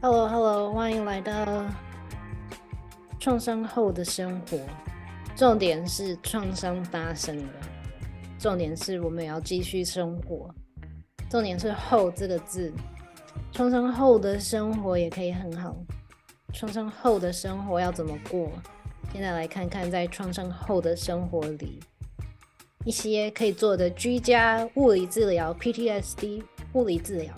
Hello, Hello，歡迎來到創傷後的生活。重點是創傷發生了，重點是我們也要繼續生活。重點是“後”這個字，創傷後的生活也可以很好。創傷後的生活要怎麼過？現在來看看在創傷後的生活裡一些可以做的居家物理治療 （PTSD 物理治療）。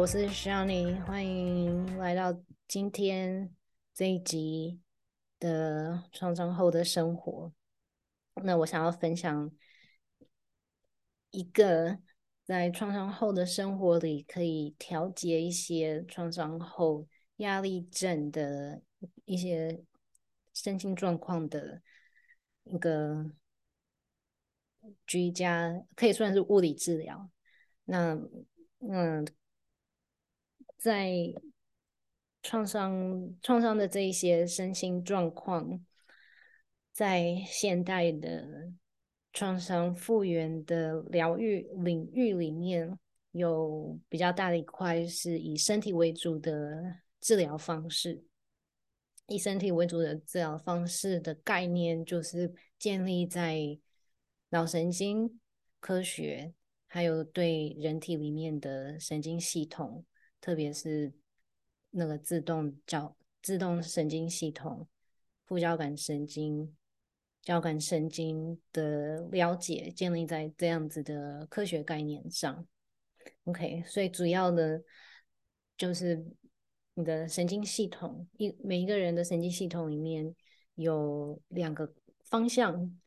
我是 Shani，歡迎來到今天這一集的創傷後的生活。那我想要分享一個在創傷後的生活裡可以調節一些創傷後壓力症的一些身心狀況的一個居家，可以算是物理治療。那，嗯。在創傷、創傷的這一些身心狀況，在現代的創傷復原的療癒領域裡面，有比較大的一塊是以身體為主的治療方式。以身體為主的治療方式的概念，就是建立在腦神經科學，還有對人體裡面的神經系統。特別是那個自動交、自動神經系統、副交感神經、交感神經的了解，建立在這樣子的科學概念上。OK，所以主要的，就是你的神經系統，一，每一個人的神經系統裡面有兩個方向，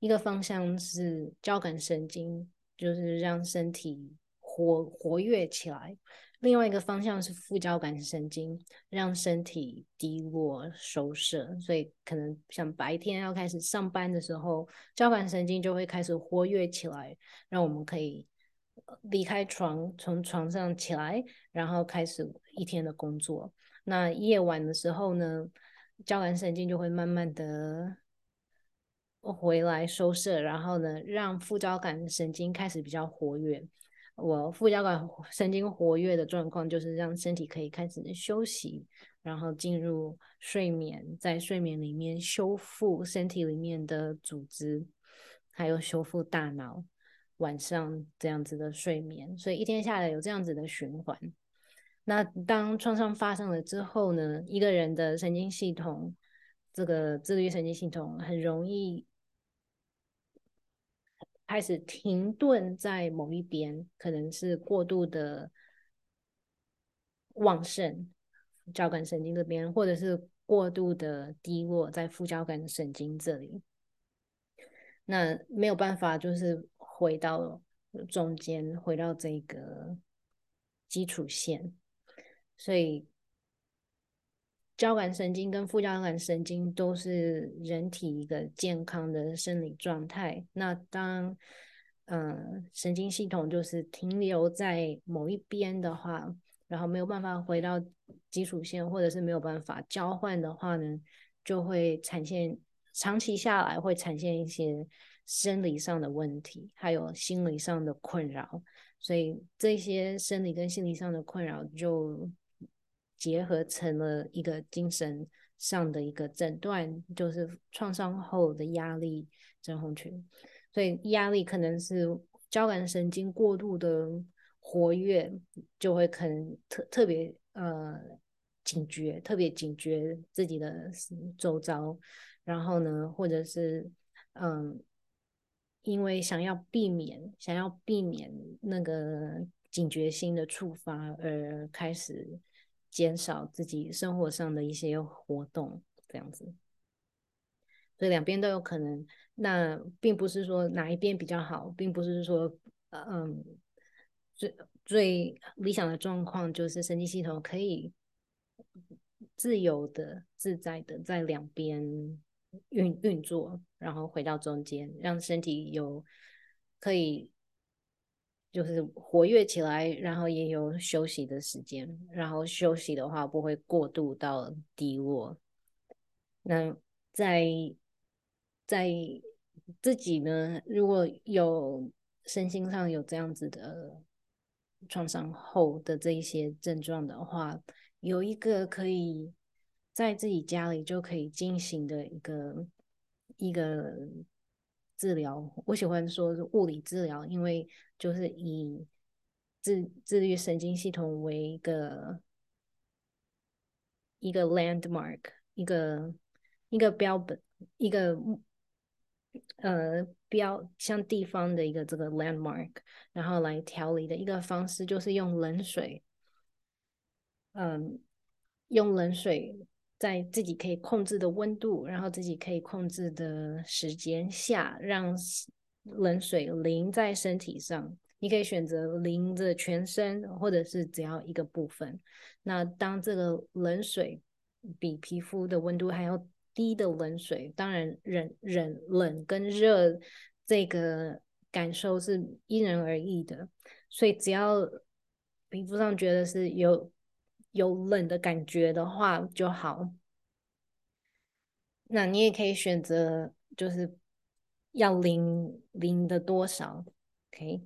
一個方向是交感神經，就是讓身體活活躍起來。另外一個方向是副交感神經，讓身體低落收攝，所以可能像白天要開始上班的時候，交感神經就會開始活躍起來，讓我們可以離開床，從床上起來，然後開始一天的工作。那夜晚的時候呢，交感神經就會慢慢的回來收攝，然後呢，讓副交感神經開始比較活躍。我副交感神經活躍的狀況，就是讓身體可以開始休息，然後進入睡眠，在睡眠裡面修復身體裡面的組織，還有修復大腦。晚上這樣子的睡眠，所以一天下來有這樣子的循環。那當創傷發生了之後呢，一個人的神經系統，這個自律神經系統很容易。開始停頓在某一邊，可能是過度的旺盛交感神經這邊，或者是過度的低落在副交感神經這裡，那沒有辦法就是回到中間，回到這個基礎線，所以。交感神經跟副交感神經都是人體一個健康的生理狀態。那當嗯、呃、神經系統就是停留在某一邊的話，然後沒有辦法回到基礎線，或者是沒有辦法交換的話呢，就會產生長期下來會產生一些生理上的問題，還有心理上的困擾。所以這些生理跟心理上的困擾就。結合成了一個精神上的一個診斷，就是創傷後的壓力症候群。所以壓力可能是交感神經過度的活躍，就會可能特特別呃警覺，特別警覺自己的周遭。然後呢，或者是嗯，因為想要避免想要避免那個警覺心的觸發而開始。減少自己生活上的一些活動，這樣子，所以兩邊都有可能。那並不是說哪一邊比較好，並不是說，嗯，最最理想的狀況就是神經系統可以自由的、自在的在兩邊運運作然後回到中間，讓身體有可以。就是活躍起來，然後也有休息的時間，然後休息的話不會過度到低落。那在在自己呢，如果有身心上有這樣子的創傷後的這一些症狀的話，有一個可以在自己家裡就可以進行的一個一個。治療，我喜歡說物理治療，因為就是以自自律神經系統為一個一個 landmark，一個一個標本，一個呃標像地方的一個這個 landmark，然後來調理的一個方式就是用冷水，嗯，用冷水。在自己可以控制的溫度，然後自己可以控制的時間下，讓冷水淋在身體上。你可以選擇淋着全身，或者是只要一個部分。那當這個冷水比皮膚的溫度還要低的冷水，當然忍忍冷，冷跟熱這個感受是因人而異的。所以只要皮膚上覺得是有。有冷的感覺的話就好，那你也可以選擇，就是要淋淋的多少，OK？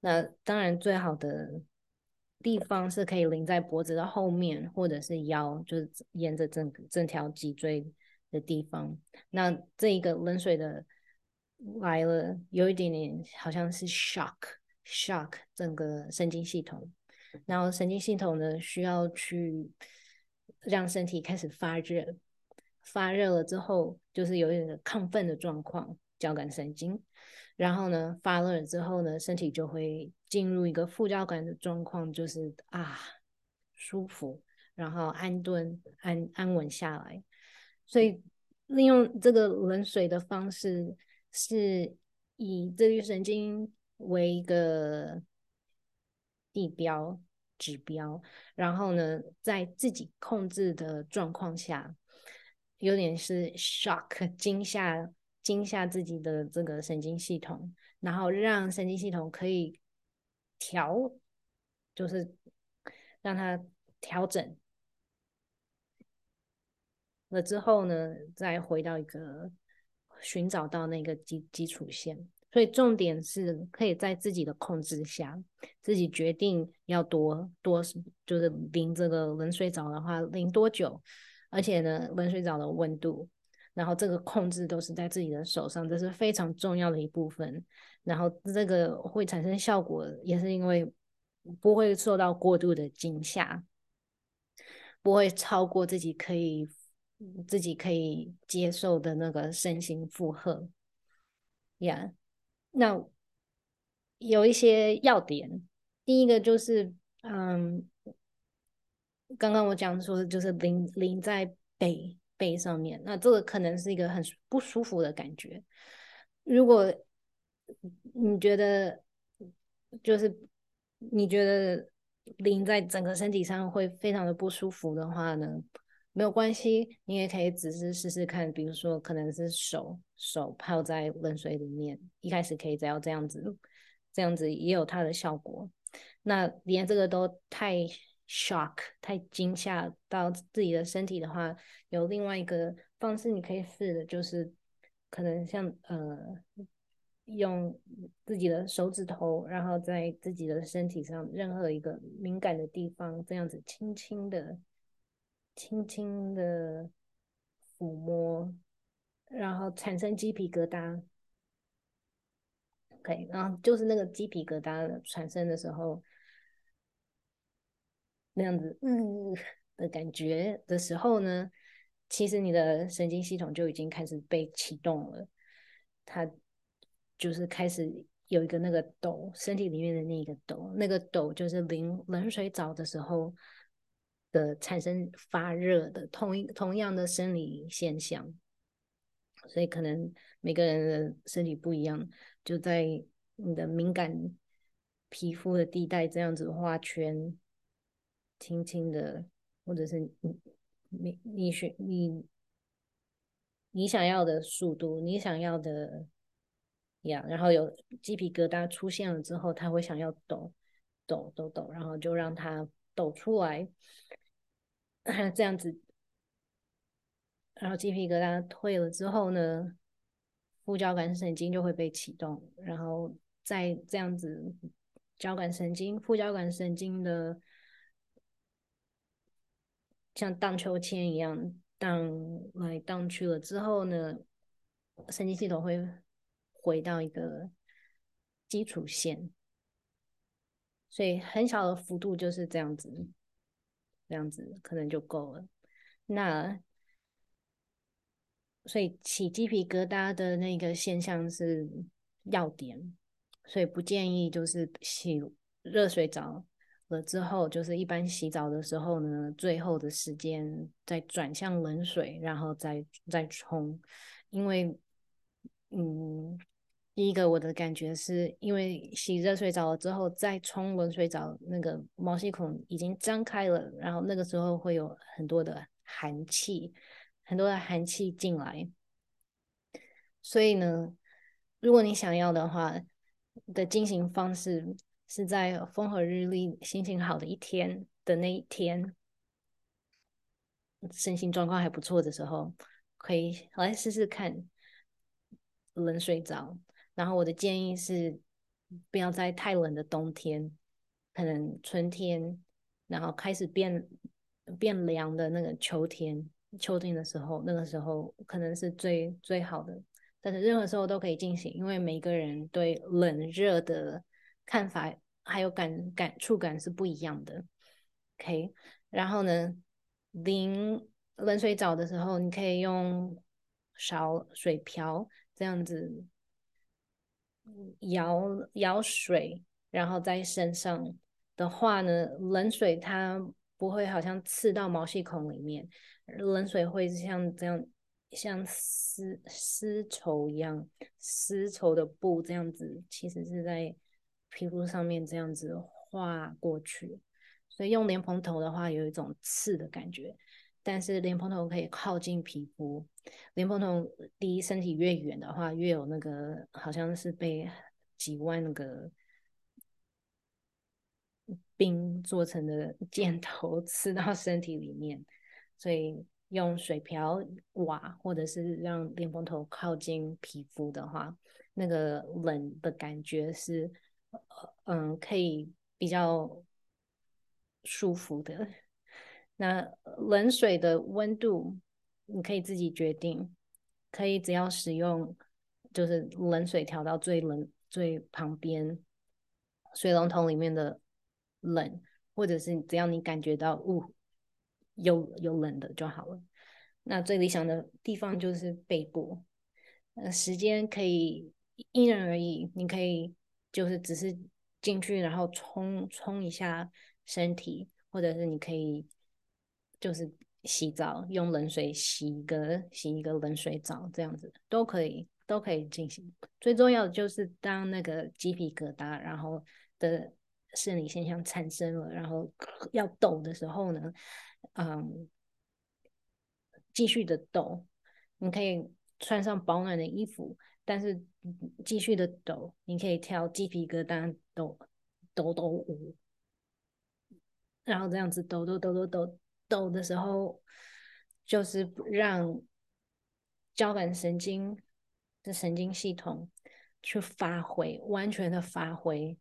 那當然最好的地方是可以淋在脖子的後面，或者是腰，就是沿着整整條脊椎的地方。那這一個冷水的來了，有一點點好像是 shock shock 整個神經系統。然後神經系統呢，需要去讓身體開始發熱，發熱了之後就是有一點點亢奮的狀況，交感神經。然後呢，發熱了之後呢，身體就會進入一個副交感的狀況，就是啊舒服，然後安頓安安穩下來。所以利用這個冷水的方式，是以自律神經為一個地標指標，然後呢，在自己控制的狀況下，有點是 shock 驚嚇驚嚇自己的這個神經系統，然後讓神經系統可以調，就是讓它調整了之後呢，再回到一個尋找到那個基基礎線。所以重點是可以在自己的控制下，自己決定要多多就是淋這個冷水澡的話，淋多久，而且呢，冷水澡的溫度，然後這個控制都是在自己的手上，這是非常重要的一部分。然後這個會產生效果，也是因為不會受到過度的驚嚇，不會超過自己可以自己可以接受的那個身心負荷，呀，yeah. 那有一些要點，第一個就是，嗯，剛剛我講說的就是淋淋在背背上面，那這個可能是一個很不舒服的感覺。如果你覺得就是你覺得淋在整個身體上會非常的不舒服的話呢？沒有關係，你也可以只是試試看，比如說可能是手手泡在冷水裡面，一開始可以只要這樣子，這樣子也有它的效果。那連這個都太 shock，太驚嚇到自己的身體的話，有另外一個方式你可以試的，就是可能像呃用自己的手指頭，然後在自己的身體上任何一個敏感的地方，這樣子輕輕的。輕輕的撫摸，然後產生雞皮疙瘩，OK，然後就是那個雞皮疙瘩產生的時候，那樣子嗯的感覺的時候呢，其實你的神經系統就已經開始被啟動了，它就是開始有一個那個抖，身體裡面的那個抖，那個抖就是淋冷水澡的時候。的產生發熱的同一同樣的生理現象，所以可能每個人的身體不一樣，就在你的敏感皮膚的地帶這樣子畫圈，輕輕的，或者是你你你選你你想要的速度，你想要的呀，然後有雞皮疙瘩出現了之後，他會想要抖抖抖抖，然後就讓他。抖出來，這樣子，然後雞皮疙瘩退了之後呢，副交感神經就會被啟動，然後再這樣子，交感神經、副交感神經的像盪秋千一樣盪來盪去了之後呢，神經系統會回到一個基礎線。所以很小的幅度就是這樣子，這樣子可能就夠了。那所以起雞皮疙瘩的那個現象是要點，所以不建議就是洗熱水澡了之後，就是一般洗澡的時候呢，最後的時間再轉向冷水，然後再再沖，因為嗯。第一個我的感覺是，因為洗熱水澡了之後，再沖冷水澡，那個毛細孔已經張開了，然後那個時候會有很多的寒氣，很多的寒氣進來。所以呢，如果你想要的話，的進行方式是在風和日麗、心情好的一天的那一天，身心狀況還不錯的時候，可以來試試看冷水澡。然後我的建議是，不要在太冷的冬天，可能春天，然後開始變變涼的那個秋天，秋天的時候，那個時候可能是最最好的。但是任何時候都可以進行，因為每個人對冷熱的看法還有感感觸感是不一樣的。OK，然後呢，淋冷水澡的時候，你可以用勺水瓢這樣子。舀舀水，然後在身上的話呢，冷水它不會好像刺到毛細孔裡面，冷水會像這樣，像絲絲綢一樣，絲綢的布這樣子，其實是在皮膚上面這樣子畫過去，所以用蓮蓬頭的話，有一種刺的感覺。但是蓮蓬頭可以靠近皮膚，蓮蓬頭離身體越遠的話，越有那個好像是被幾萬個冰做成的箭頭刺到身體裡面。所以用水瓢挖，或者是讓蓮蓬頭靠近皮膚的話，那個冷的感覺是，呃，嗯，可以比較舒服的。那冷水的溫度你可以自己決定，可以只要使用就是冷水調到最冷、最旁邊水龍頭裡面的冷，或者是只要你感覺到，嗚，有有冷的就好了。那最理想的地方就是背部，呃，時間可以因人而異，你可以就是只是進去然後沖沖一下身體，或者是你可以。就是洗澡，用冷水洗一個洗一個冷水澡，這樣子都可以，都可以進行。嗯，最重要的就是，當那個雞皮疙瘩，然後的生理現象產生了，然後要抖的時候呢，嗯，繼續的抖。你可以穿上保暖的衣服，但是繼續的抖。你可以跳雞皮疙瘩抖抖抖舞，然後這樣子抖抖抖抖抖。抖抖抖抖的時候，就是讓交感神經的神經系統去發揮，完全的發揮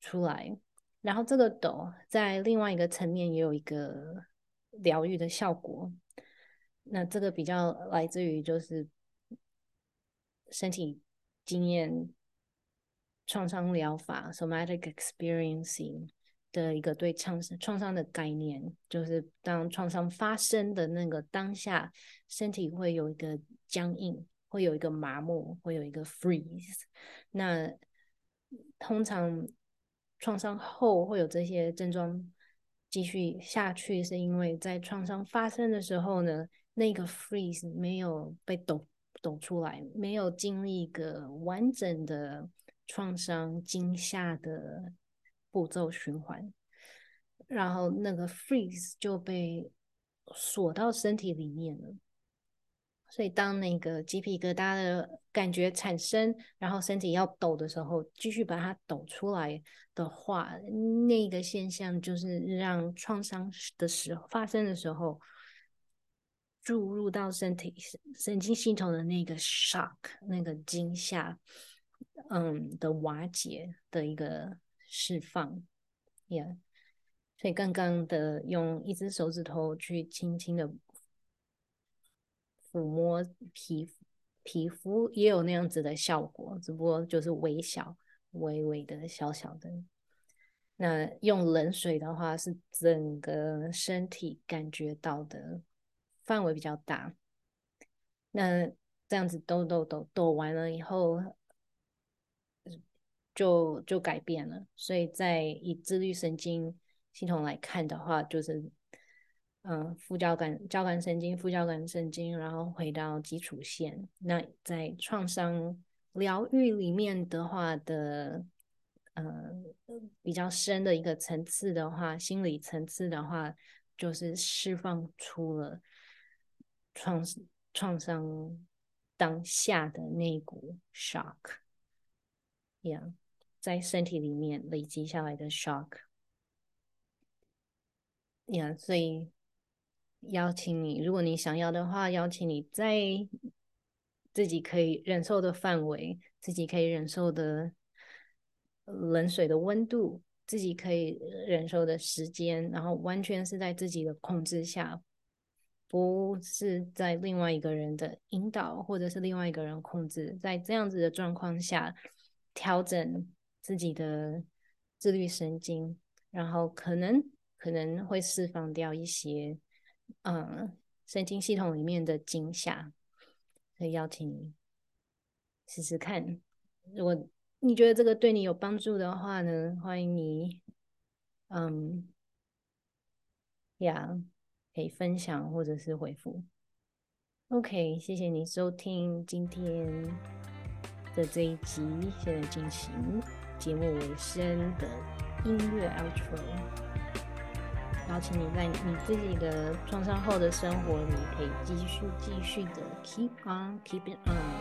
出來，然後這個抖在另外一個層面也有一個療癒的效果。那這個比較來自於就是身體經驗創傷療法 （somatic experiencing）。Som 的一個對創傷創傷的概念，就是當創傷發生的那個當下，身體會有一個僵硬，會有一個麻木，會有一個 freeze。那通常創傷後會有這些症狀繼續下去，是因為在創傷發生的時候呢，那個 freeze 沒有被抖抖出來，沒有經歷一個完整的創傷驚嚇的步驟循環，然後那個 freeze 就被鎖到身體裡面了。所以當那個雞皮疙瘩的感覺產生，然後身體要抖的時候，繼續把它抖出來的話，那個現象就是讓創傷的時候發生的時候，注入到身體神經系統的那個 shock、那個驚嚇，嗯的瓦解的一個。釋放，Yeah，所以剛剛的用一只手指頭去輕輕的撫摸皮膚，皮膚也有那樣子的效果，只不過就是微小、微微的、小小的。那用冷水的話，是整個身體感覺到的範圍比較大。那這樣子抖抖抖抖完了以後。就就改變了，所以在以自律神經系統來看的話，就是，嗯，副交感交感神經、副交感神經，然後回到基礎線。那在創傷療癒裡面的話的，呃、嗯，比較深的一個層次的話，心理層次的話，就是釋放出了創創傷當下的那一股 shock，yeah。Yeah. 在身體裡面累積下來的 shock，yeah，所以邀請你，如果你想要的話，邀請你在自己可以忍受的範圍，自己可以忍受的冷水的溫度，自己可以忍受的時間，然後完全是在自己的控制下，不是在另外一個人的引導或者是另外一個人控制，在這樣子的狀況下調整。自己的自律神經，然後可能可能會釋放掉一些，嗯，神經系統裡面的驚嚇。所以邀請你試試看，如果你覺得這個對你有幫助的話呢，歡迎你，嗯，呀、yeah，可以分享或者是回復。OK，謝謝你收聽今天的這一集，現在進行。節目尾聲的音樂 outro，然後請你在你自己的創傷後的生活，你可以繼續繼續的 keep on keep it on。